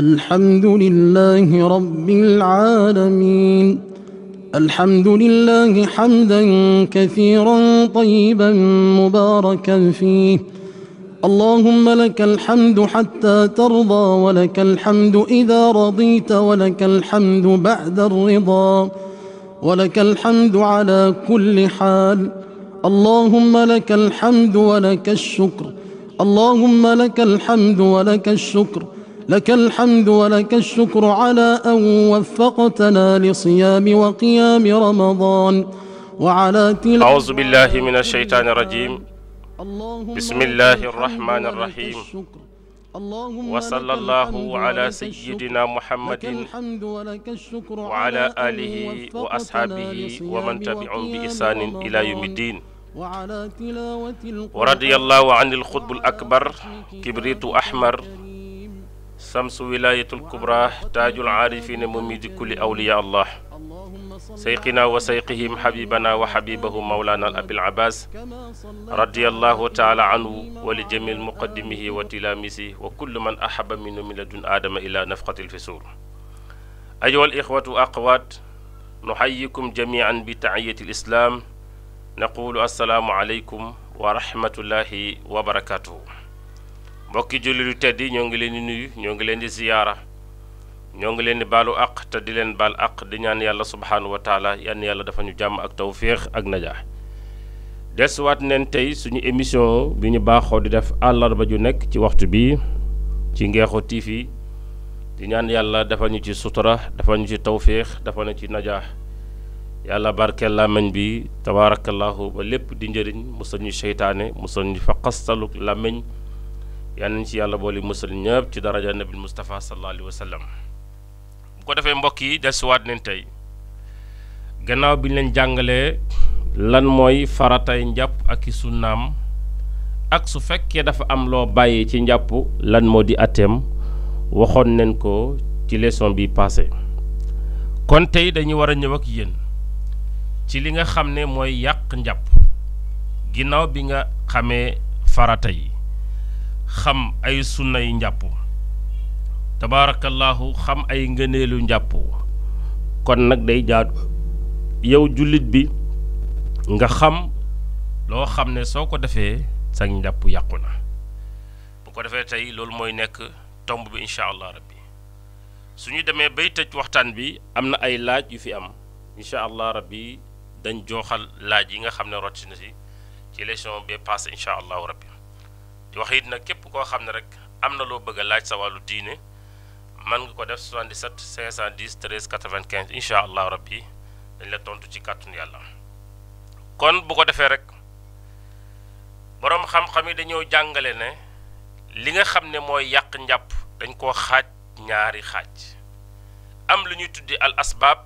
الحمد لله رب العالمين الحمد لله حمدا كثيرا طيبا مباركا فيه اللهم لك الحمد حتى ترضى ولك الحمد إذا رضيت ولك الحمد بعد الرضا ولك الحمد على كل حال اللهم لك الحمد ولك الشكر اللهم لك الحمد ولك الشكر لك الحمد ولك الشكر على أن وفقتنا لصيام وقيام رمضان وعلى تلاوة أعوذ بالله من الشيطان الرجيم بسم الله الرحمن الرحيم وصلى الله على سيدنا محمد وعلى آله وأصحابه ومن تبعهم بإحسان إلى يوم الدين ورضي الله عن الخطب الأكبر كبريت أحمر شمس ولاية الكبرى تاج العارفين مميد كل أولياء الله سيقنا وسيقهم حبيبنا وحبيبه مولانا الأبي العباس رضي الله تعالى عنه ولجميع مقدمه وتلامسه وكل من أحب من لدن آدم إلى نفقة الفسور أيها الإخوة أقوات نحييكم جميعا بتعية الإسلام نقول السلام عليكم ورحمة الله وبركاته mbokki jullit yu tedd ñoo ngi leen di nuy ñoo ngi leen di ziyaara ñoo ngi leen di baalu àq te di leen baal àq di ñaan yàlla subhaanahu wa taala yàlla dafa ñu jàmm ak tawféex ak najaa desuwaat neen tey suñu émission bi ñu baaxoo di def àllarba ju nekk ci waxtu bi ci Ngexo TV di ñaan yàlla dafa ñu ci sutura dafa ñu ci tawféex dafa ñu ci najaa yàlla barkeel làmmiñ bi tabaarakallahu ba lépp di njëriñ musal ñu seytaane musal ñu fa xastalu làmmiñ yal nañ ci yàlla boole musal ñëpp ci daraja nabil Moustapha sallallahu alayhi wa sallam bu ko defee mbokk yi desuwaat nañ tey gannaaw bi ñu leen jàngalee lan mooy faratay njàpp ak i sunnaam ak su fekkee dafa am loo bàyyi ci njàpp lan moo di atteem waxoon nañ ko ci leçon bi passé kon tey dañu war a ñëw ak yéen ci li nga xam ne mooy yàq njàpp ginnaaw bi nga xamee farata yi xam ay sunnay njàpp tabaarakallaahu xam ay ngëneelu njàpp kon nag day jaadu yow jullit bi nga xam loo xam ne soo ko defee sa njàpp yàqu na bu ko defee tey loolu mooy nekk tomb bi incha allah rabbi su ñu demee bay tëj waxtaan bi am na ay laaj yu fi am incha allah rabbi dañ jooxal laaj yi nga xam ne rot na si ci élection bi passé incha allahu rabbi di wax it nag képp koo xam ne rek am na loo bëgg a laaj sa wàllu diine man nga ko def 77 510 13 95 insha allah rabbi dañ la tontu ci kàttun yàlla kon bu ko defee rek borom xam-xam yi dañoo jàngale ne li nga xam ne mooy yàq njàpp dañ koo xaaj ñaari xaaj am lu ñuy tuddi al asbab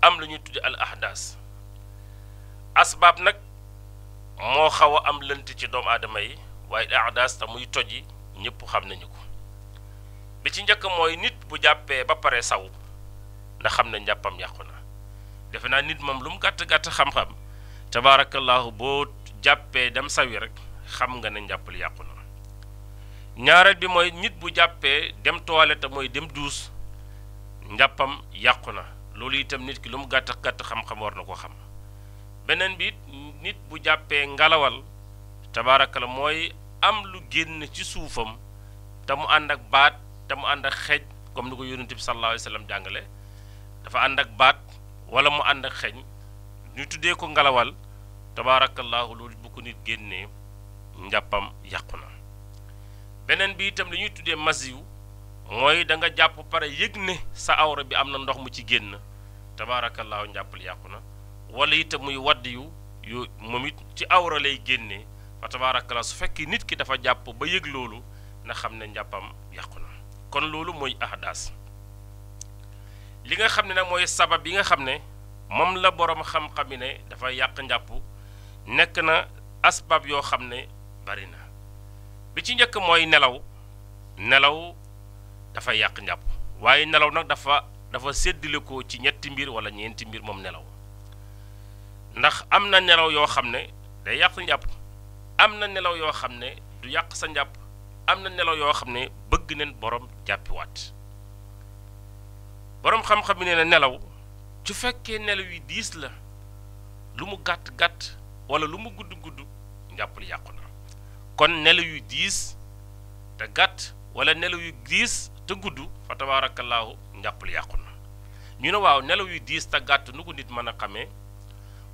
am lu ñuy tuddi al ahdas asbab nag moo xaw a am lënt ci doomu aadama yi waaye ahdas ta muy toji ñëpp xam nañu ko bi ci njëkk mooy nit bu jàppee ba pare saw ndax xam na njàppam yàqu na defe naa nit moom lu mu gàtt-gàtt xam-xam tabaarakallaahu boo jàppee dem sawi rek xam nga ne njàppal yàqu na ñaareel bi mooy nit bu jàppee dem toilette mooy dem duus njàppam yàqu na loolu itam nit ki lu mu gàtt gàtt xam-xam war na ko xam beneen bi nit bu jàppee ngalawal tabaarakala mooy am lu génn ci suufam te mu ànd ak baat te mu ànd ak xeej comme lu ko yonent bi sallallahu alayhi wa jàngale dafa ànd ak baat wala mu ànd ak xeñ ñu tuddee ko ngalawal tabaarakallaahu loolu bu ko nit génnee njàppam yàqu na beneen bi itam li ñuy tuddee masiw mooy danga jàpp pare yëg ne sa awra bi am na ndox mu ci génn tabaarakallaahu njàppal yàqu na wala itam muy wadd yu yu moom it ci awra lay génnee fa tabarakallah su fekkee nit ki dafa jàpp ba yëg loolu na xam ne njàppam yàqu kon loolu mooy ahdaas li nga xam ne nag sabab yi nga xam ne moom la boroom xam-xam yi ne dafa yàq njàpp nekk na asbab yoo xam ne na bi ci njëkk mooy nelaw nelaw dafa yàq njàpp waaye nelaw nag dafa dafa ko ci ñetti mbir wala ñeenti mbir mom nelaw ndax am na nelaw yoo xam day yàq njàpp am na nelaw yoo xam ne du yàq sa njàpp am na nelaw yoo xam ne bëgg neen boroom jàppiwaat boroom xam-xam bi nee na nelaw su fekkee nelaw yu diis la lu mu gàtt gàtt wala lu mu gudd gudd njàppal yàqu na kon nelaw yu diis te gàtt wala nelaw yu diis te gudd fa tabaarakallaahu njàppal yàqu na ñu ne waaw nelaw yu diis te gàtt nu ko nit mën a xamee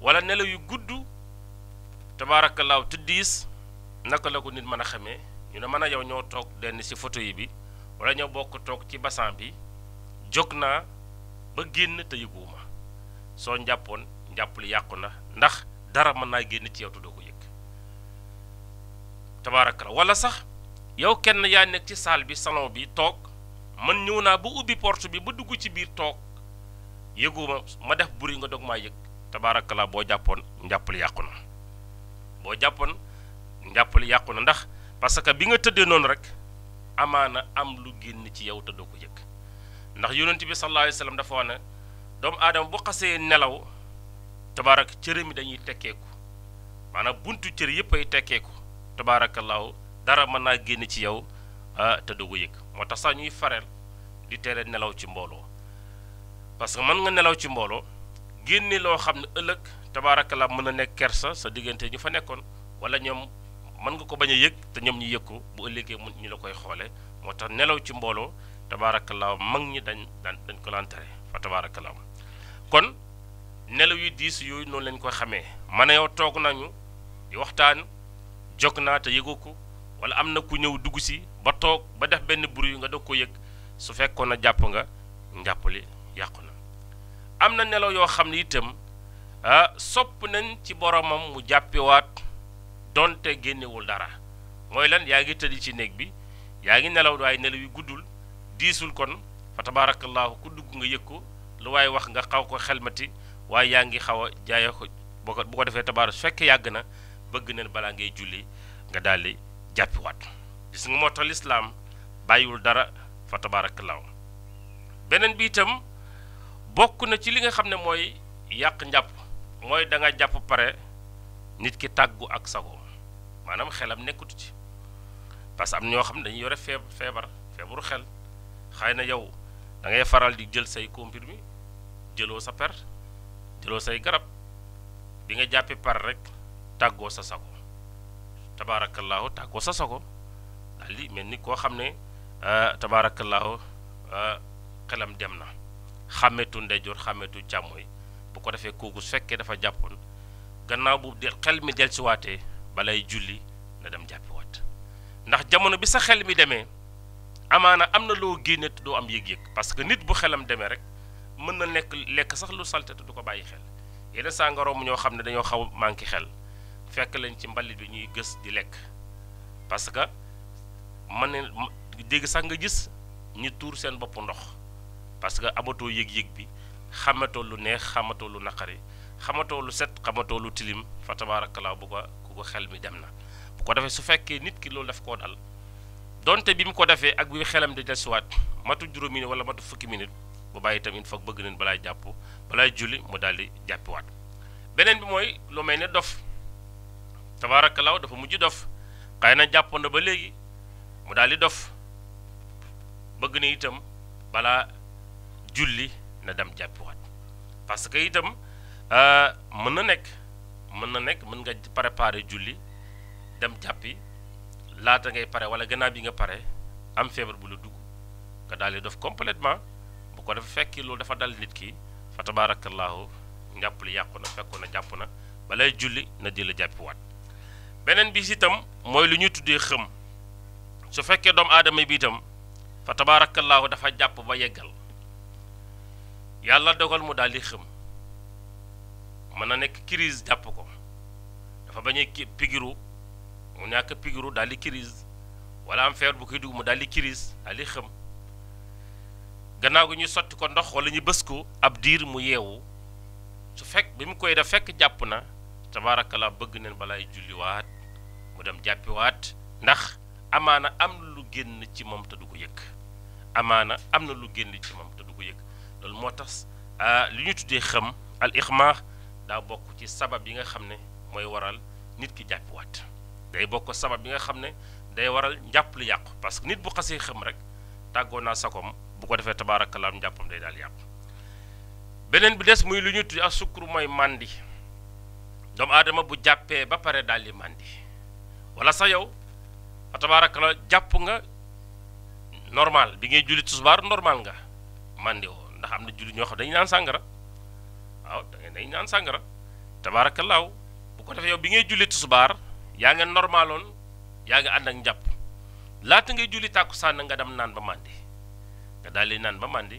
wala nelaw yu gudd tabarakallah te dis, naka la ko nit mën a ñu ne mën yow ñoo tok den ci photo yi bi wala ñoo bokk tok ci bassin bi jóg ba genn te yeguma so njàppoon njàpp yakuna na ndax dara mën genn ci yow tuddo ko yek tabarakallah wala sax yow kenn ya nek ci salle bi salon bi tok man ñëw naa ba porte bi ba dugg ci biir tok yeguma ma def buri nga dog ma yek tabarakallah bo japon yakuna boo jàppoon njàppali yàqu na ndax parce que bi nga tëddee noonu rek amaana am lu génn ci yow te doo ko yëg ndax yonent bi sallallahu alayhi wa sallam dafa wax ne doomu aadama bu xasee nelaw tabaarak cëram mi dañuy tekkeeku maanaam buntu cër yëpp ay tekkeeku law dara mën naa génn ci yow ah, te doo ko yëg moo tax sax ñuy fareel di tere nelaw ci mbooloo parce que mën nga nelaw ci mbooloo génne loo xam ne ëllëg tabarakallah mën na nekk kersa sa diggante ñu fa nekkoon wala ñoom mën nga ko bañ a yëg te ñoom ñu yëg ko bu ëllëgee mun ñu la koy xoolee moo tax nelaw ci mbooloo tabarakallah mag ñi dañ dañ dañ ko fa tabarakallah kon nelaw yu diis yooyu noonu lañ koy xamee man yow toog nañu di waxtaan jog naa te yëgu ko wala am na ku ñëw dugg si ba toog ba def benn yu nga doog ko yëg su fekkoon na nga yàqu na nelaw yoo xam itam ah sopp nañ ci boromam mu jàppiwaat donte génnewul dara mooy lan yaa ngi tëddi ci néeg bi yaa ngi nelaw waaye nelaw yi guddul diisul kon fa tabaarakallaahu ku dugg nga yëg ko lu waaye wax nga xaw ko xelmati waaye yaa ngi xaw a jaaya ko boo bu ko defee tabaar su fekkee yàgg na bëgg nañ balaa ngay julli nga daal di jàppiwaat gis nga moo tax lislaam bàyyiwul dara fa tabaarakallaahu beneen bi itam bokk na ci li nga xam ne mooy yàq njàpp mooy da nga jàpp pare nit ki tàggu ak sago maanaam xelam nekkutu ci parce que am ñoo xam ne dañuy yore feeb feebar feebaru xel xëy na yow da ngay faral di jël say comprimé jëloo sa per jëloo say garab bi nga jàppi par rek tàggoo sa sago tabaarakallaahu tàggoo sa sago daal mel ni koo xam ne euh, tabaarakallaahu euh, xelam dem na xàmmetu ndeyjoor xàmmetu càmmooy ko defee kooku su fekkee dafa jàppoon gannaaw bu del xel mi del siwaatee balay julli na dem jàppiwaat ndax jamono bi sa xel mi demee amaana am na loo génne te doo am yëg-yëg parce que nit bu xelam demee rek mën na nekk lekk sax lu salte te du ko bàyyi xel yenn saa nga romb ñoo xam ne dañoo xaw manqué xel fekk lañ ci mbalit bi ñuy gës di lekk parce que mën ne dégg sax nga gis ñu tuur seen boppu ndox parce que amatoo yëg-yëg bi xamatoo lu neex xamatoo lu naqari xamatoo lu set xamatoo lu tilim fa tabaarakallaa bu ko ku ko xel mi dem na bu ko defee su fekkee nit ki loolu daf koo dal donte bi mu ko defee ak bi xelam di desuwaat matu juróomi minute wala matu fukki minute bu bàyyi itam il bëgg nañ balaa jàpp balaa julli mu daal di beneen bi mooy lu mel ne dof tabaarakallaa dafa mujj dof na jàppoon na ba léegi mu daal di dof bëgg na itam balaa julli na dem jàppiwaat parce que itam euh, mën na nekk mën na nekk mën nga préparer julli dem jàppi laata ngay pare wala gannaaw bi nga pare am feebar bu la dugg nga daal di def completement bu ko def fekki loolu dafa dal nit ki fa tabaarakallaahu njàpp li yàqu na fekkoon na jàpp na balay julli na di la jàppiwaat beneen bi si itam mooy lu ñuy tuddee xëm su fekkee doomu aadama bi itam fa tabaarakallaahu dafa jàpp ba yeggal yàlla dogal mu daal di xëm mën na nekk crise jàpp ko dafa bañ a pigiru mu ñàkk pigiru daal di crise wala am feebar bu koy dugg mu daal di crise daal xëm gannaaw gi ñu sotti ko ndox walla ñu bës ko ab diir mu yeewu su fekk bi mu koy def fekk jàpp na tabaarakala bëgg neen balaay julliwaat mu dem jàppiwaat ndax amaana am na lu génn ci moom te du ko yëkk amaana am na lu génn ci moom loolu moo tax ah, lu ñu tuddee xëm al daa bokk ci sabab yi nga xam ne mooy waral nit ki jàppiwaat day bokk sabab yi nga xam ne day waral njàpp lu yàqu parce que nit bu xasee xëm rek tàggoo naa kom bu ko defee tabaarakalaam njàppam day daal yàqu beneen bi des muy lu ñu tuddee ak sukkur mooy màndi doomu aadama bu jàppee ba pare daal di màndi yow fa jàpp nga normal bi ngay julli tisbaar normal nga màndi woo ndax am na julli ñoo xam dañu naan sàngara waaw da ngeen dañu naan sàngara tabaarakallaahu bu ko defee yow bi ngay julli tusubaar yaa nga normaloon yaa nga ànd ak njàpp laata ngay julli tàkkusaan nga dem naan ba mandi nga daal di naan ba mandi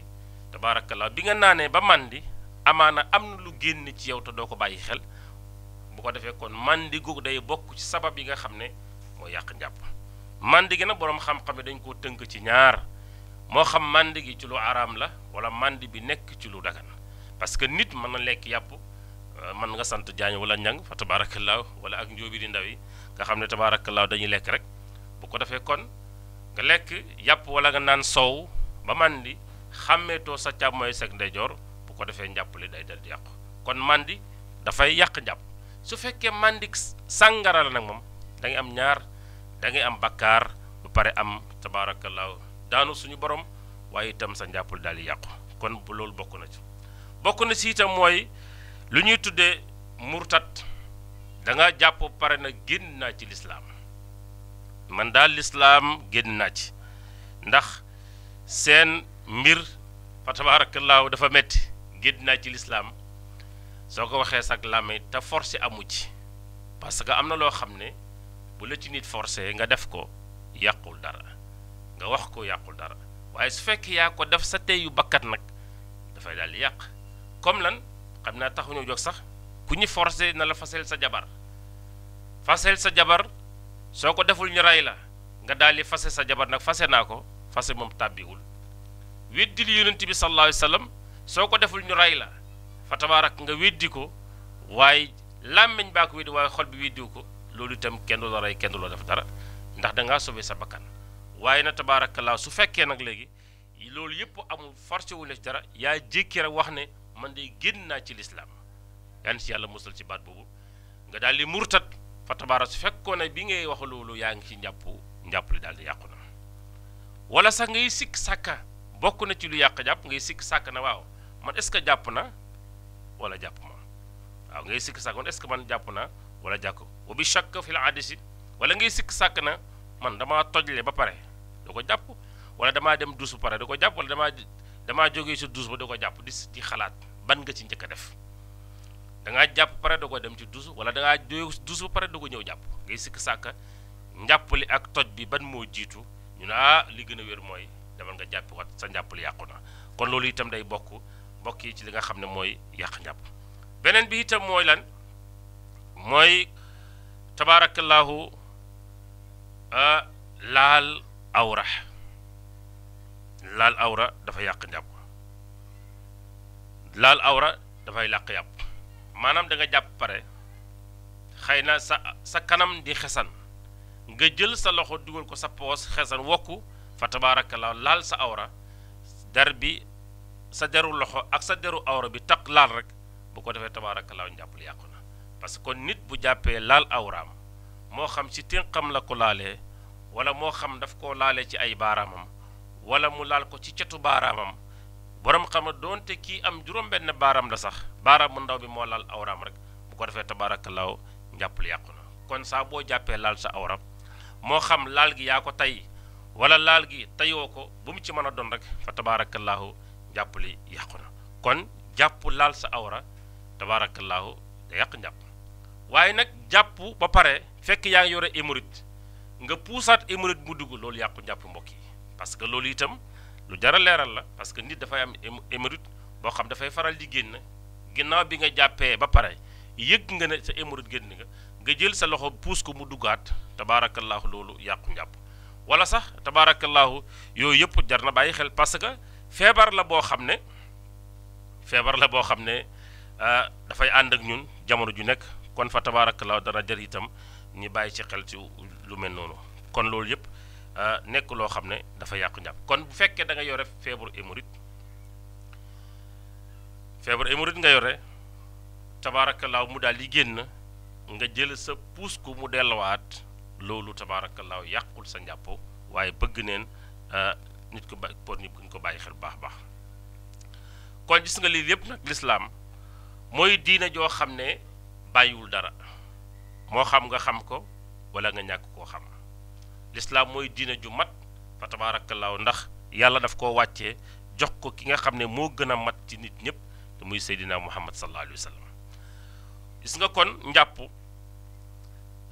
tabaarakallaahu bi nga naanee ba mandi amaana am na lu génn ci yow te doo ko bàyyi xel bu ko defee kon mandi googu day bokk ci sabab yi nga xam ne moo yàq njàpp màndi gi nag boroom xam-xam dañ koo tënk ci ñaar Moham xam mandi gi ci lu aram la wala mandi bi nek ci lu dagan parce que nit man na lekk yàpp euh, man nga sante jaañ wala ñang fa tabarakallah wala ak njobi di ndawi nga xam ne tabaarakallaahu dañuy lek rek bu ko defee kon nga lek yap wala nga nan sow ba xamé to sa moy sek ndejor bu ko defee njàpp li day dal yak kon kon mandi, fay yak njàpp su fekke mandi sangara la nak mom da ngay am ñaar da ngay am bakar bu pare am tabarakallah daanu suñu borom waaye itam sa njàppul daal di yàqu kon bu loolu bokk na ci bokk na ci itam mooy lu ñuy tuddee murtat da nga jàpp pare na génn naa ci lislaam man daal lislaam génn naa ci ndax seen mbir fa tabaarakallaahu dafa metti génn naa ci lislaam soo ko waxee sag làmmiñ te forcé amu ci parce que am na loo xam ne bu la ci nit forcé nga def ko yàqul dara nga wax ko yàqul dara waaye su fekkee yaa ko def sa teyu bakkat nag dafay daal di yàq comme lan xam naa taxu taxuñoo jóg sax ku ñu forse na la fasel sa jabar fasel sa jabar soo ko deful ñu rey la nga daal di fase sa jabar nag fase naa ko fase moom tàbbiwul weddil yonent bi sallallahu alayhi wa sallam soo ko deful ñu rey la fa tabaarak nga weddi ko waaye làmmiñ baa ko weddi waaye xol bi weddiwu ko loolu itam kenn du la rey kenn du la def dara ndax dangaa sauvé sa bakkan waaye na tabaarakallaa su fekkee nag léegi loolu yëpp amul forcé wu ci dara yaa jékki rek wax ne man de génn naa ci lislaam yan si yàlla musal ci baat boobu nga daal di murtat fa tabaara su fekkoon ne bi ngay wax loolu yaa ngi ci njàpp njàpp li daal yàqu na wala sax ngay sikk sàkka bokk na ci lu yàq jàpp ngay sikk sàkk na waaw man est ce que jàpp na wala jàpp ma waaw ngay sikk sàkk man est que man jàpp na wala jàkk wa bi shakk fi la addisi wala ngay sikk sàkk na man damaa tojle ba pare da ko jàpp wala dama dem dusu bu pare da ko jàpp wala dama dama jógee si duus ba da ko jàpp di di xalaat ban nga ci njëkk def da nga jàpp pare da ko dem ci duus wala da ngaa jógee si duus ba pare da ko ñëw jàpp ngay sikk sàkka njàppali ak toj bi ban moo jiitu ñu ne ah li gën a wér mooy demal nga jàppi wat sa njàppali yàqu na kon loolu itam day bokk mbokk ci li nga xam ne mooy yàq njàpp beneen bi itam mooy lan mooy tabaarakallaahu ah, laal awra lal awra dafa yàq lal lal awra dafay làq Manam manam da nga japp pare xeyna sa sa kanam di xesan nga jël sa loxo duggal ko sa pos xesan woku fa tabarakallah lal sa awra darbi sa deru loxo ak sa deru awra bi tak lal rek bu ko defé tabarakallah yakuna parce que nit bu lal lal awraam mo xam ci tinqam la ko lalé wala moo xam daf koo laale ci ay baaraamam wala mu laal ko ci catu baaraamam borom xama doonte kii am juróom-benn baaraam la sax baaraam mu ndaw bi moo laal awraam rek bu ko defee tabaarakallaahu njàpp lu yàqu na kon saa boo jàppee laal sa awra moo xam laal gi yaa ko tey wala laal gi teyoo ko bu mu ci mën a doon rek fa tabaarakallaahu njàpp li yàqu na kon jàpp laal sa awra tabaarakallaahu da yàq njàpp waaye nag jàpp ba pare fekk yaa ngi yore émorite nga puusaat hémorroïde mu dugg loolu yàqu njàpp mbokk yi parce que loolu itam lu jar a leeral la parce que nit dafay am hémorroïde boo xam dafay faral di génn ginnaaw bi nga jàppee ba pare yëg nga ne sa hémorroïde génn nga nga jël sa loxo puus ko mu duggaat tabaarakallaahu loolu yàqu njàpp wala sax tabaarakallaahu yooyu yëpp jar na bàyyi xel parce que feebar la boo xam ne feebar la boo xam ne euh, dafay ànd ak ñun jamono ju nekk kon fa tabaarakallaahu dana jar itam ñi bàyyi ci xel ci lu mel noonu kon loolu yëpp euh, nekk loo xam ne dafa yàqu njàpp kon bu fekkee da nga yore feebaru hémorroïde feebaru hémorroïde nga yore tabaarakallaaw mu daal di génn nga jël sa puus ko mu delluwaat loolu tabaarakallaaw yàqul sa njàpp waaye bëgg neen euh, nit ko ba pour ko bàyyi xel bu baax baax kon gis nga lii yëpp nag lislaam mooy diina joo xam ne bàyyiwul dara moo xam nga xam ko wala nga ñàkk koo xam lislaam mooy diina ju mat fa tabaarakallaahu ndax yàlla daf koo wàccee jox ko ki nga xam ne moo mat ci nit ñëpp te muy sayidina muhammad sallallahu alayhi sallam gis nga kon njàpp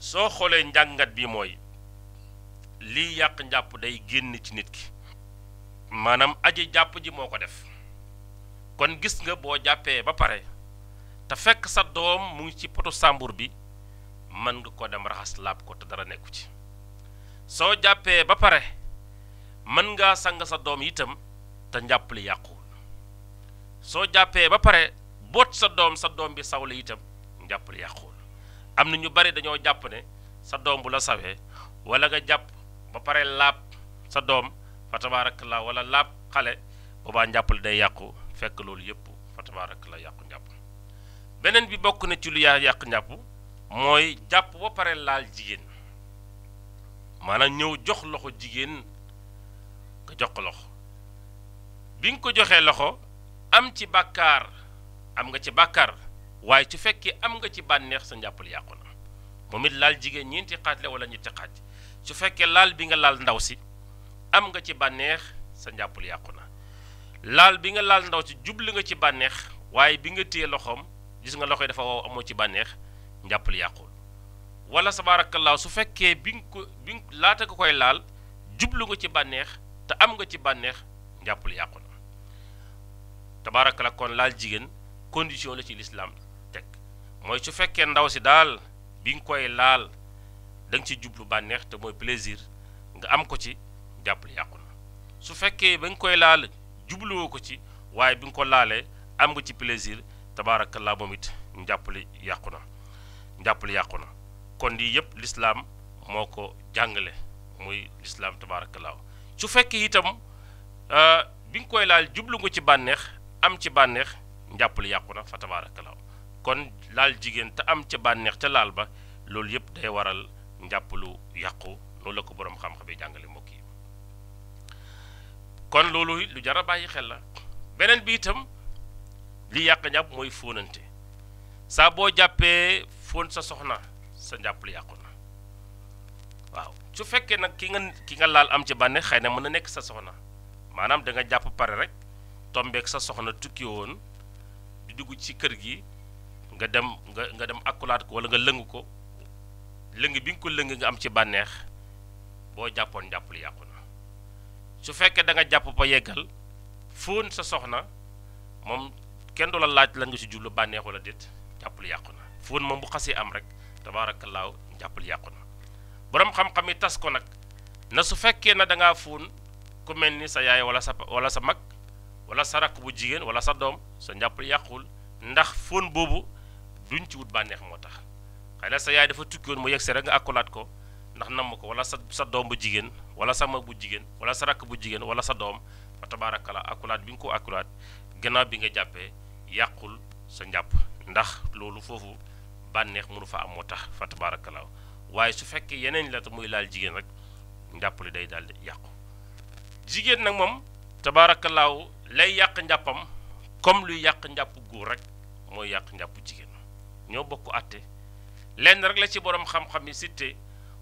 soo xoolee njàngat bi mooy lii yàq njàpp day génn ci nit ki maanaam aji jàpp ji moo ko def kon gis nga boo jàppee ba pare te fekk sa doom mu ngi ci poto sàmbur bi mën nga koo dem raxas laab ko te dara nekku ci soo jàppee ba pare mën ngaa sang sa doom itam te njàppali yàquwul soo jàppee ba pare boot sa doom sa doom bi saw la itam njàppali yàquwul am na ñu bari dañoo jàpp ne sa doom bu la sawee walla nga jàpp ba pare laab sa doom fa tabaarakallaa wala laab xale boobaa njàppali day yàqu fekk loolu yëpp fa tabaarakallaa yàqu njàpp beneen bi bokk na ci lu yaa yàq njàpp mooy jàpp ba pare laal jigéen maanaam ñëw jox loxo jigéen nga jox ko loxo bi nga ko joxee loxo am ci bàkkaar am nga ci bàkkaar waaye su fekkee am nga ci bànneex sa njàppal yàqu na moom laal jigéen ñeenti xaaj la wala ñetti xaaj su fekkee laal bi nga laal ndaw si am nga ci bànneex sa njàppal yàqu na laal bi nga laal ndaw si jubli nga ci bànneex waaye bi nga téye loxoom gis nga loxo yi dafa wow amoo ci bànneex njàpp li yàqul wala sabaarakallaahu su fekkee bi nga ko bi laata nga koy laal jublu nga ci bànneex te am nga ci bànneex njàpp li yàqu na laal jigéen condition la ci lislaam teg mooy su fekkee ndaw si daal bi koy laal da nga jublu bànneex te mooy nga am ko ci njàpp yàqu su fekkee ba koy laal jubluwoo ko ci waaye bi nga ko laalee am nga ci plaisir tabaarakallaa moom it njàpp li yàqu na njàppal yàqu na kon lii yëpp lislaam moo ko jàngale muy lislaam tabaarakallaahu su fekkee itam euh, bi nga koy laal jublu nga ci bànneex am ci bànneex njàppal yàqu na fa kon laal jigéen te am ca bànneex ca laal ba loolu yëpp day waral njàppalu yàqu loolu la ko boroom xam-xam jàngale mbokk yi kon loolu lu jar a bàyyi xel la beneen bi itam li yàq njàpp mooy fóonante saa boo jàppee fon sa soxna sa njàpp li yàqu na waaw su fekkee nag ki nga ki nga laal am ci bànne xëy na mën a nekk sa soxna maanaam da nga jàpp pare rek tombeek sa soxna tukki woon di dugg ci kër gi nga dem nga dem akkulaat ko wala nga lëng ko lëng bi nga ko lëng nga am ci bànneex boo jàppoon jàpp li yàqu na su fekkee da nga jàpp ba yeggal fóon sa soxna moom kenn la laaj la nga si jublu bànneex wala déet jàpp li yàqu na fuun mom bu xasse am rek tabarakallah jappal yakuna borom xam-xam tas ko nak na su fekke na da nga fuun ku melni sa yaay wala sa wala sa mak wala sa rak bu jigen wala sa dom sa jappal yakul ndax fuun bobu duñ ci wut banex motax tax sa yaay dafa tukki mu yexse rek nga akulat ko ndax nam ko wala sa sa doom bu jigen wala sa mak bu jigen wala sa rak bu jigen wala sa dom fa tabaarakallaa bi ko akulat gëna bi nga jappé yakul sa ndax lolu fofu bànneex mënu fa amoo moo tax fa tabaarakallaahu waaye su fekkee yeneen la te muy laal jigéen rek njàpp day daal di yàqu jigéen nag moom tabaarakallaahu lay yàq njàppam comme luy yàq njàpp góor rek mooy yàq njàpp jigéen ñoo bokk àtte lenn rek la ci borom xam-xam yi sitte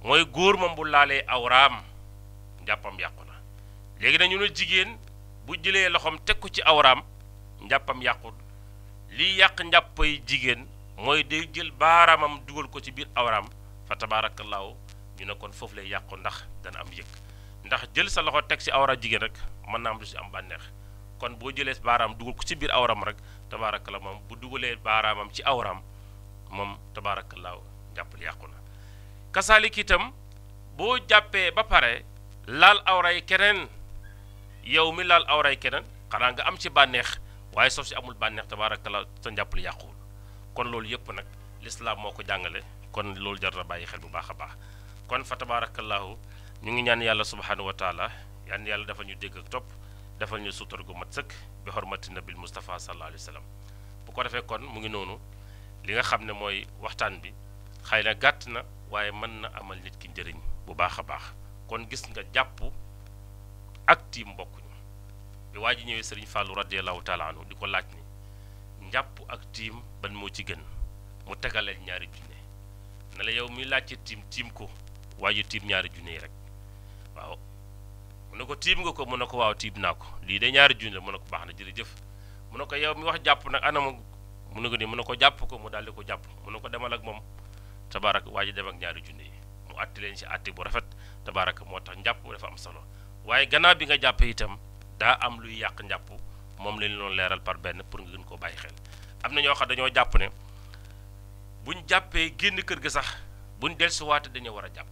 mooy góor moom bu laalee awraam njàppam yàqu na léegi dañu ne jigéen bu jëlee loxoom teg ko ci awraam njàppam yàqu liy yàq njàppay jigéen mooy day jël baaraamam dugal ko ci biir awraam fa tabaarakallaahu ñu ne kon foofu lay yàqu ndax dana am yëg ndax jël sa loxo teg si awra jigéen rek mën naa am du si am bànneex kon boo jëlee baaraam dugal ko ci biir awraam rek tabaarakallaahu moom bu dugalee baaraamam ci awraam moom tabaarakallaahu jàppal yàqu na kasaalik boo jàppee ba pare laal awray keneen yow mi laal awray keneen xanaa nga am ci bànneex waaye soo si amul bànneex tabaarakallaahu sa njàppal yàqu kon loolu yëpp nag lislaam moo ko jàngale kon loolu jar na bàyyi xel bu baax a baax kon fa tabaarakallaahu ñu ngi ñaan yàlla subhaanahu wa taala yaan yàlla dafa ñu dégg ak topp defal ñu suutar gu mat sëkk bi xormati nabil Mustafa sallallahu alayhi bu ko defee kon mu ngi noonu li nga xam ne mooy waxtaan bi xëy na gàtt na waaye mën na amal nit ki njëriñ bu baax a baax kon gis nga jàpp ak tiim mbokk bi waa ji ñëwee sëriñ Fallou radiyallahu taala anhu di ko laaj njàpp ak tiim ban moo ci gën mu tegaleel ñaari junne ne la yow muy laajte tiim tiim ko waaju tiim ñaari junne yi rek waaw mu ne ko tiim nga ko mu ne ko waaw tiim naa ko lii de ñaari junne la mu ko baax na jërëjëf mu ne ko yow mi wax jàpp nag anam mu ne ko nii mu ne ko jàpp ko mu daal ko jàpp mu ne ko demal ak moom tabaaraka waa ji dem ak ñaari junne yi mu àtti leen ci àtti bu rafet tabaaraka moo tax njàpp mu dafa am solo waaye gannaaw bi nga jàppee itam daa am luy yàq njàpp moom lañ loon leeral par benn pour nga gën koo bàyyi xel am na ñoo xam dañoo jàpp ne buñ jàppee génn kër ga sax buñ dellusiwaate dañoo war a jàpp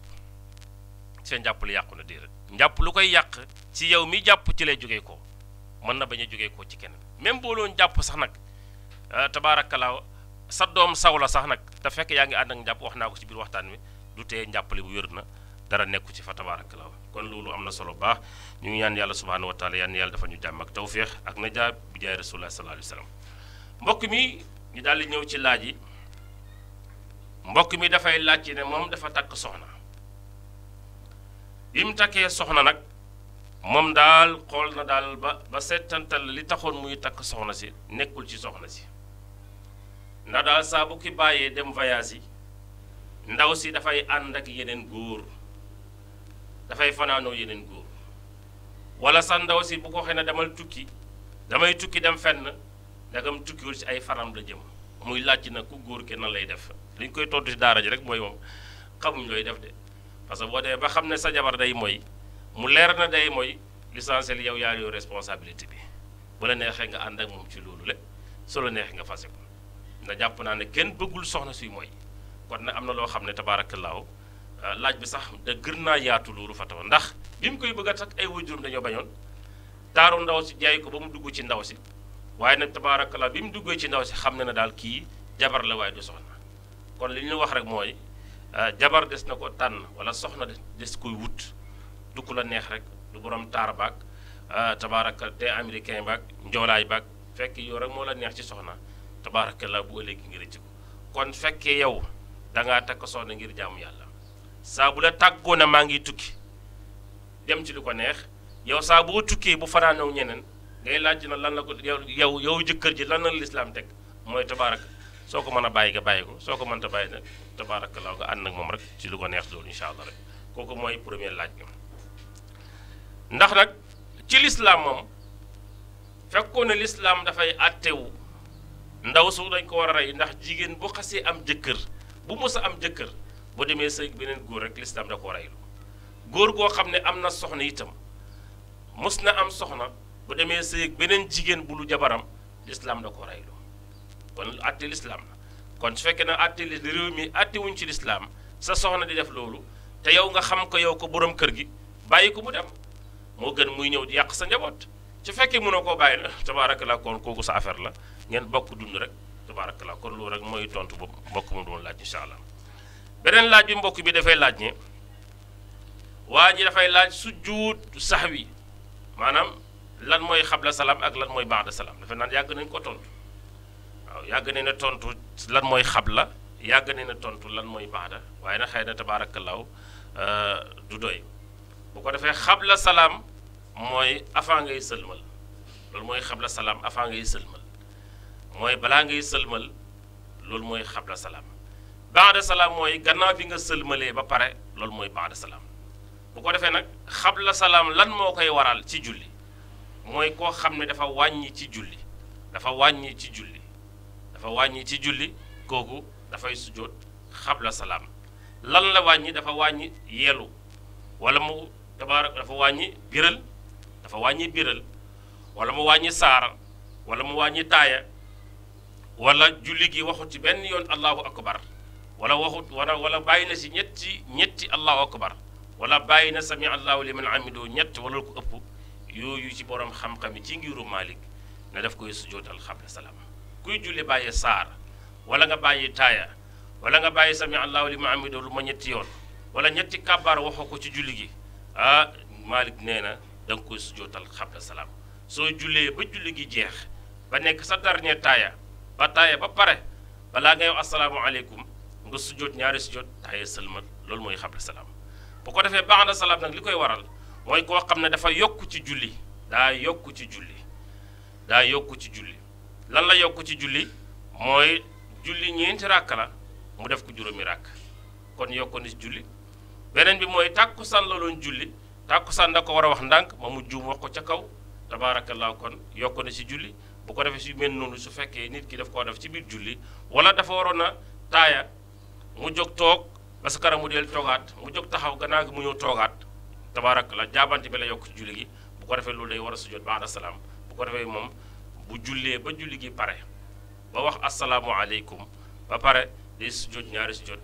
seen jàpp lu yàqu na déedéet njàpp lu koy yàq ci yow mi jàpp ci lay jógee ko mën na bañ a jógee ko ci kenn même boo loon jàpp sax nag euh, tabaarakalaaw sa doom saw sax nag te fekk yaa ngi ànd ak njàpp wax ko ci biir waxtaan wi du tee bu wér dara nekku ci fa tabaarakalaaw kon loolu am na solo baax ñu ngi ñaan yàlla subhanahu wa taala dafa ñu jàmm ak ak jaa bi jaay rasulullah sallallahu alayhi wa mbokk mi ñu daal di ñëw ci laaj yi mbokk mi dafay laaj ne moom dafa takk soxna bi takkee soxna nag moom daal xool na daal ba ba seetantal li taxoon muy takk soxna si nekkul ci soxna si ndax daal saa bu ki bàyyee dem voyage yi ndaw si dafay ànd ak yeneen góor dafay fanaanoo yeneen góor walla sa ndaw si bu ko xëy na demal tukki damay tukki dem fenn ndagam tukkiwul ci ay faram la jëm muy laaj na ku góor ke nan lay def li koy tontu ci daara ji rek mooy moom xamuñ looy def de parce que boo dee ba xam ne sa jabar day mooy mu leer na day mooy l'essentiel yow yaa yor responsabilité bi bu la neexee nga ànd ak moom ci loolu le soo la neexee nga fase ko na jàpp naa ne kenn bëggul soxna suy mooy kon nag am na loo xam ne tabaarakallaahu euh, laaj bi sax da gër naa yaatu loolu fa taw ndax bi mu koy bëgg a takk ay waajuram dañoo bañoon taaru ndaw si jaay ko ba mu dugg ci ndaw si waaye nag tabaarakalla bi mu duggee ci ndaw si xam na ne daal kii jabar la waaye du soxna kon li ñu wax rek mooy euh, jabar des na ko tànn wala soxna de des koy wut du ku la neex rek du borom taar baag euh, tabaarakal te américain baag njoolaay baag fekk yow rek moo la neex ci soxna tabaarakalla bu ëllëgee ngir ci ko kon fekkee yow da ngaa takk soxna ngir jàmm yàlla saabu la tàggoo na maa ngi tukki dem ci lu ko neex yow saa tukkee bu fanaanoo ñeneen. ngay laaj na lan la ko yow yow jëkkër ji lan la lislaam teg mooy tabaarak soo ko mën a bàyyi nga bàyyi ko soo ko mënta bàyyi nag tabaarak laaw nga ànd nag moom rek ci lu ko neex loolu incha allah rek kooku mooy premier laaj bi ndax nag ci lislaam moom fekkoon ne lislaam dafay àttewu ndaw su dañ ko war a rey ndax jigéen bu xasee am jëkkër bu mos a am jëkkër bu demee sëy beneen góor rek lislaam da ko reylu góor goo xam ne am na soxna itam mos na am soxna bu demee sëyeeg beneen jigéen bu lu jabaram lislaam da ko reylu kon àtte lislaam la kon su fekkee ne àtte réew mi àtte ci lislaam sa soxna di def loolu te yow nga xam ko yow ko borom kër gi bàyyi ko mu dem moo gën muy ñëw yàq sa njaboot su fekkee mun mënoo ko bàyyi la tabaaraka la kon kooku sa affaire la ngeen bokk dund rek tabaaraka la kon loolu rek mooy tontu boobu mbokk mu doon laaj incha allah beneen laaj bi mbokk bi dafay laaj ne waa ji dafay laaj sujjuut sax wi maanaam. lan mooy xabla salaam ak lan mooy baada salaam dafa naan yàgg nañ ko tontu waaw yàgg nañ ne tontu lan mooy xabla yàgg nañ ne tontu lan mooy baada waaye na xëy na tabaarakallaahu du doy bu ko defee xabla salaam mooy avant ngay sëlmal loolu mooy xabla salaam avant ngay sëlmal mooy balaa ngay sëlmal loolu mooy xabla salaam baada salaam mooy gannaaw bi nga sëlmalee ba pare loolu mooy baada salaam bu ko defee nag xabla salaam lan moo koy waral ci julli. moy ko xamne dafa wañi ci julli dafa wañi ci julli dafa wañi ci julli koku da fay sujud khabla salam lan la wañi dafa wañi yelu wala mu tabarak dafa wañi biral dafa wañi biral wala mu wañi sar wala mu wañi taya wala julli gi waxu ci ben yon allahu akbar wala waxu wala wala bayina ci ñetti ñetti allahu akbar wala bayina sami allahu liman amidu ñett wala ko ëpp yooyu ci borom xam-xam yi ci ngiru Malik ne daf koy sujootal xabla salaam kuy julli bàyyi saar wala nga bàyyi taaya wala nga bàyyi sami allahu liman hamidahu lu ma ñetti yoon wala ñetti kàbbaar waxoo ko ci julli gi ah Malik nee na da nga koy sujootal xabla salaam soo jullee ba julli gi jeex ba nekk sa dernier taaya ba taaya ba pare balaa ngay wax asalaamualeykum nga sujoot ñaari sujoot taaya sëlmal loolu mooy xabla salaam bu ko defee baax na salaam nag li koy waral. mooy koo xam ne dafa yokk ci julli daa yokk ci julli daa yokk ci julli lan la yokk ci julli mooy julli ñeenti ràkk la mu def ko juróomi ràkk kon na si julli beneen bi mooy tàkkusan la doon julli tàkkusaan da ko war a wax ndànk ma mu juum wax ko ca kaw tabaarakallaa kon yokk na ci julli bu ko defee si mel noonu su fekkee nit ki daf koo def ci biir julli wala dafa waroon a taaya mu jóg toog parce que mu del toogaat mu jóg taxaw gannaaw gi mu ñëw toogaat tabaarak la jaabante bi la yokk ci julli gi bu ko defee loolu day war a sujjóot ba'da salaam bu ko defee moom bu jullee ba julli gi pare ba wax asalaamu aleykum ba pare day sujjóot ñaari sujjóot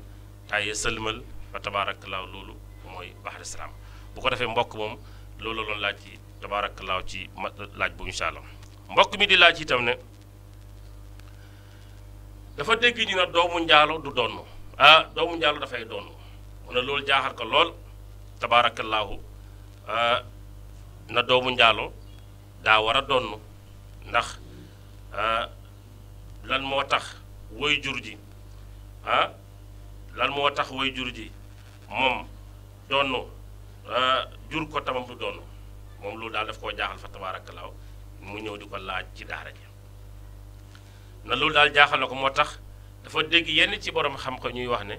taaye sëlmal fa tabaarak la loolu mooy ba'da salaam bu ko defee mbokk moom loolu la doon laaj ci tabaarak laaj bu incha allah mbokk mi di laaj ne dafa dégg ñu ne doomu njaalo du donn ah doomu njaalo dafay donn mu ne loolu jaaxal ko lool. tabaarakallaahu ah, na doomu njaaloo daa war a donn ndax ah, lan moo tax woy jur ji ah lan moo tax woy jur ji moom donn ah, jur ko tamam du donn moom loolu daal daf koo jaaxal fa tabaarakallaahu mu ñëw di ko laaj ci daara ji na loolu daal jaaxal na ko moo tax dafa dégg yenn ci borom xam ko ñuy wax ne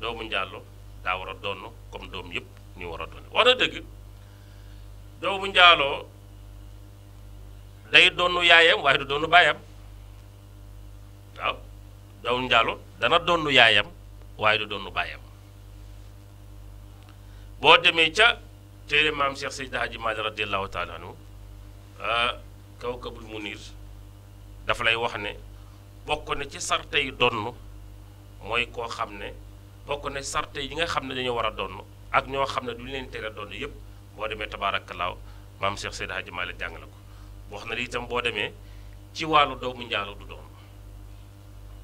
doomu njaalo daa war a donn comme doom yépp ñu war wax na dëgg doomu njaaloo day doonu yaayam waaye du doonu baayam waaw doomu njaaloo dana doonu yaayam waaye du donnu baayam boo demee ca téere maam Cheikh Seydi Hadji Malick radiallahu taala anhu ah, kawkabul munir dafa lay wax ne bokk na ci sarte yi donn mooy koo xam ne bokk na sarte yi nga xam ne dañoo war a donn ak ñoo xam ne du leen tere doon yëpp boo demee tabaarakallaaw maam Cheikh Seydi Hadji Malick jàng na ko xam na li itam boo demee ci wàllu doomu njaalo du doon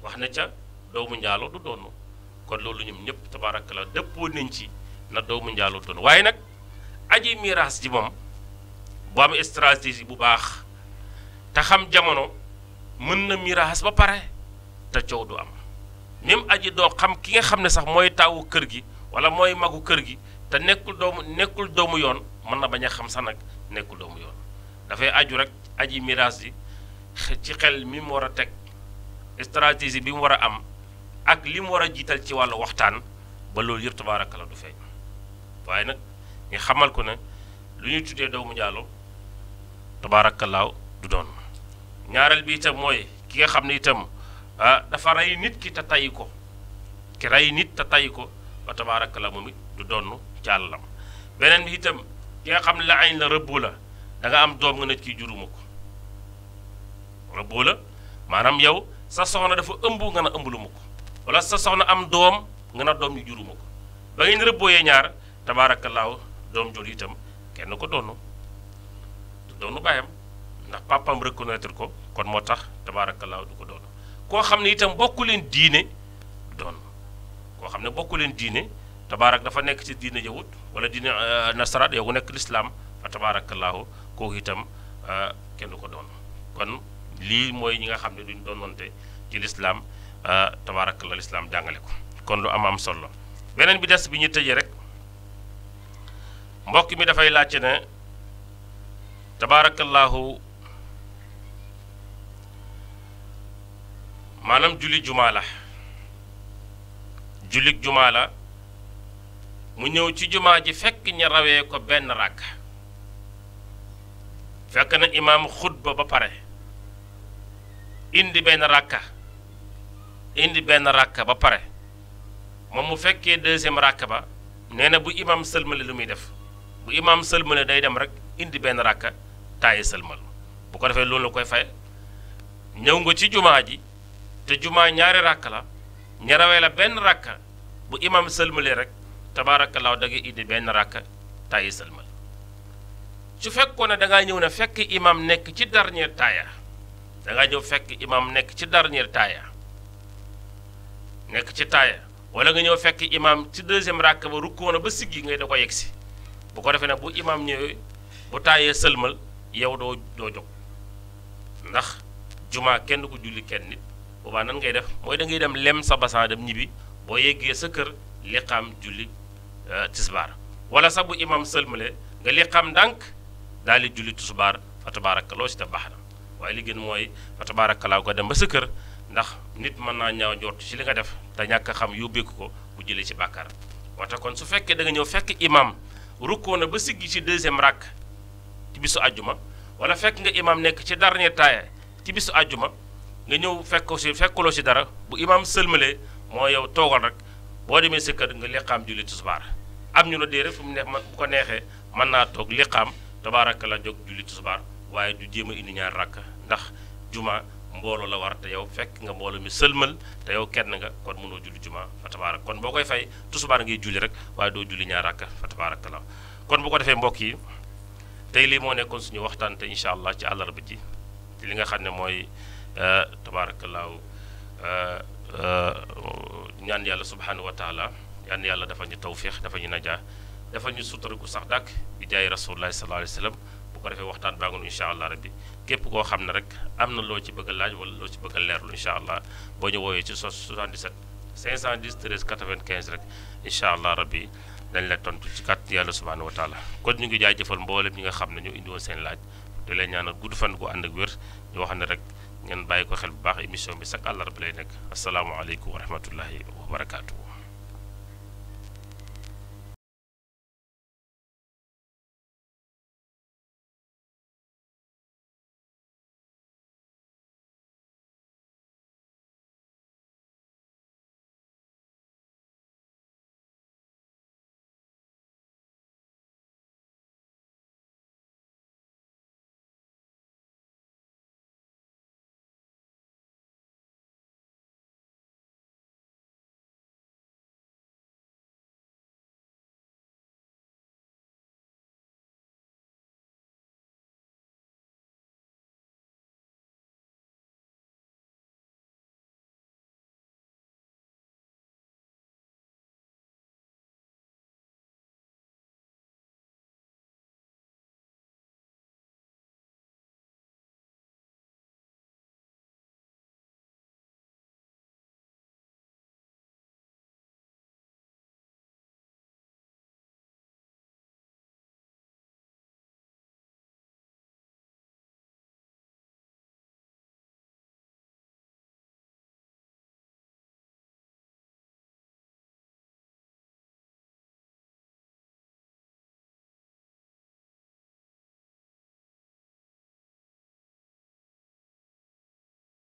wax na ca doomu njaaloo du doon kon loolu ñoom ñëpp tabaarakallaaw dëppoo nañ ci na doomu njaalo doon waaye nag aji miraas ji moom bu am stratégie bu baax te xam jamono mën na miraas ba pare te coow du am même aji doo xam ki nga xam ne sax mooy taawu kër gi. wala mooy magu kër gi te nekkul doomu nekkul doomu yoon mën na bañ a xam sa nag nekkul doomu yoon dafay aju rek aji miraas ji ci xel mi mu war a teg stratégie bi mu war a am ak li mu war a jiital ci wàllu waxtaan ba loolu yëpp tabaaraka la du feeñ waaye nag ñu xamal ko ne lu ñuy tuddee doomu njaalo tabaarakallaaw du doon ñaareel bi itam mooy ki nga xam ne itam ah, dafa rey nit ki te tay ko ki rey nit te tay ko fa tabaaraka la moom it du donn ci àllam beneen bi itam ki nga xam ne la añ la rëbboo la da am doom nga ne kii juruma ko rëbboo maanaam yow sa soxna dafa ëmb nga ne ëmbuluma ko wala sa soxna am doom nga ne doom yu juruma ko ba ngeen rëbbooyee doom jooju kenn ko donn du donn bàyyam ndax papam reconnaître ko kon moo tax tabaarakallaahu du ko donn koo xam ne itam bokku leen diine ko xamne ne bokku len diine tabarak dafa nek ci diine yahud wala diine euh, nasaraat yow nek l'islam fa tabaarakallaahu euh, ko itam kenn ko don kon li moy ñi nga xamne ne don wonte ci euh, tabarak tabarakallah l'islam jangale ko kon lu am am solo benen bi dess bi ñi teje rek mbokk mi fay lacc ne tabaarakallaahu maanaam julli jumaa la jullik jumaa la mu ñëw ci jumaa ji fekk ña rawee ko benn ràkk fekk na imaam xutba ba pare indi benn ràkka indi benn ràkka ba pare moom mu fekkee deuxième ràkk ba nee na bu imaam sëlmale lu muy def bu imaam sëlmale day dem rek indi benn ràkka taayi sëlmal bu ko defee loolu koy fay ñëw nga ci jumaa ji te jumaa ñaari ràkk la ñu la benn rakka bu imam sëlmalee rek tabaarakallaahu da ngay indi benn rakka tàyyi sëlmal su fekkoon ne da ngaa ñëw ne fekk imam nekk ci dernier taaya da ngaa ñëw fekk imam nekk ci dernier taaya nekk ci taaya walla nga ñëw fekk imam ci deuxième rakka ba rukkoon ba siggi ngay da ko yegg si bu ko defee nag bu imam ñëwee bu taayee sëlmal yow doo doo jóg ndax jumaa kenn ko julli kenn nit boba nan ngay def moy da ngay dem lem sa basan dem ñibi bo yegge sa kër liqaam julli eh, tisbar wala sabu imam sel nga liqaam dank daal di julli tisbar, fa tabarak lo si def baax na li gën moy fa tabarak la ko dem ba sa kër ndax nit man na ñaw jort ci li nga def ta ñak xam ko bu jëlee ci bakkar wata kon su fekke da nga ñew fekk imam ruko na ba siggi ci deuxième rak ci bisu aljuma wala fekk nga imam nek ci dernier taaya ci bisu aljuma nga ñëw fekk ko si fekkuloo si dara bu imaam sëlmalee moo yow toogal rek boo demee sa kër nga liqaam julli tisbaar am ñu la déere fu mu neex man ko neexee mën naa toog liqaam tabaaraka la jóg julli tisbaar waaye du jéem a indi ñaar rakk ndax jumaa mbooloo la war te yow fekk nga mbooloo mi sëlmal te yow kenn nga kon mënoo julli juma fa tabaaraka kon boo koy fay tisbaar ngay julli rek waaye doo julli ñaar rakk fa tabaaraka la kon bu ko defee mbokk yi tey lii moo nekkoon suñu waxtaan te incha allah ci àllarba ji li nga xam ne mooy tabarakallahu ñaan yàlla subhanahu wa taala ñaan yàlla dafa ñu tawfiix dafa ñu najaa dafa ñu sutura sax dàkk bi jaay rasulullahi sallallahu alayhi wa sallam bu ko defee waxtaan baa ngoon incha allah rabbi képp koo xam ne rek am na loo ci bëgg a laaj wala loo ci bëgg a leerlu incha allah boo ñu wooyee ci 77 510 13 95 rek incha allah rabbi dañ la tontu ci kàtt yàlla subhanahu wa taala kon ñu ngi jaajëfal mboolem ñi nga xam ne ñu indi woon seen laaj te leen ñaanal gudd fan gu ànd ak wér ñu wax ne rek émission bi chaque àllarba lay nekk asalaamaaleykum wa rahmatullahi wa barakaatu.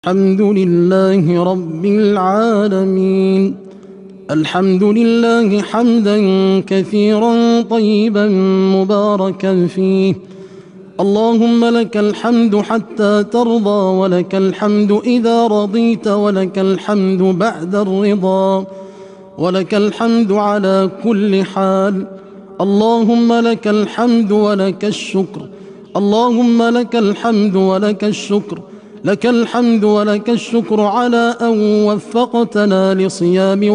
الحمد لله رب العالمين الحمد لله حمدا كثيرا طيبا مباركا فيه اللهم لك الحمد حتى ترضى ولك الحمد إذا رضيت ولك الحمد بعد الرضا ولك الحمد على كل حال اللهم لك الحمد ولك الشكر اللهم لك الحمد ولك الشكر لك الحمد ولك الشكر على أن وفقتنا لصيام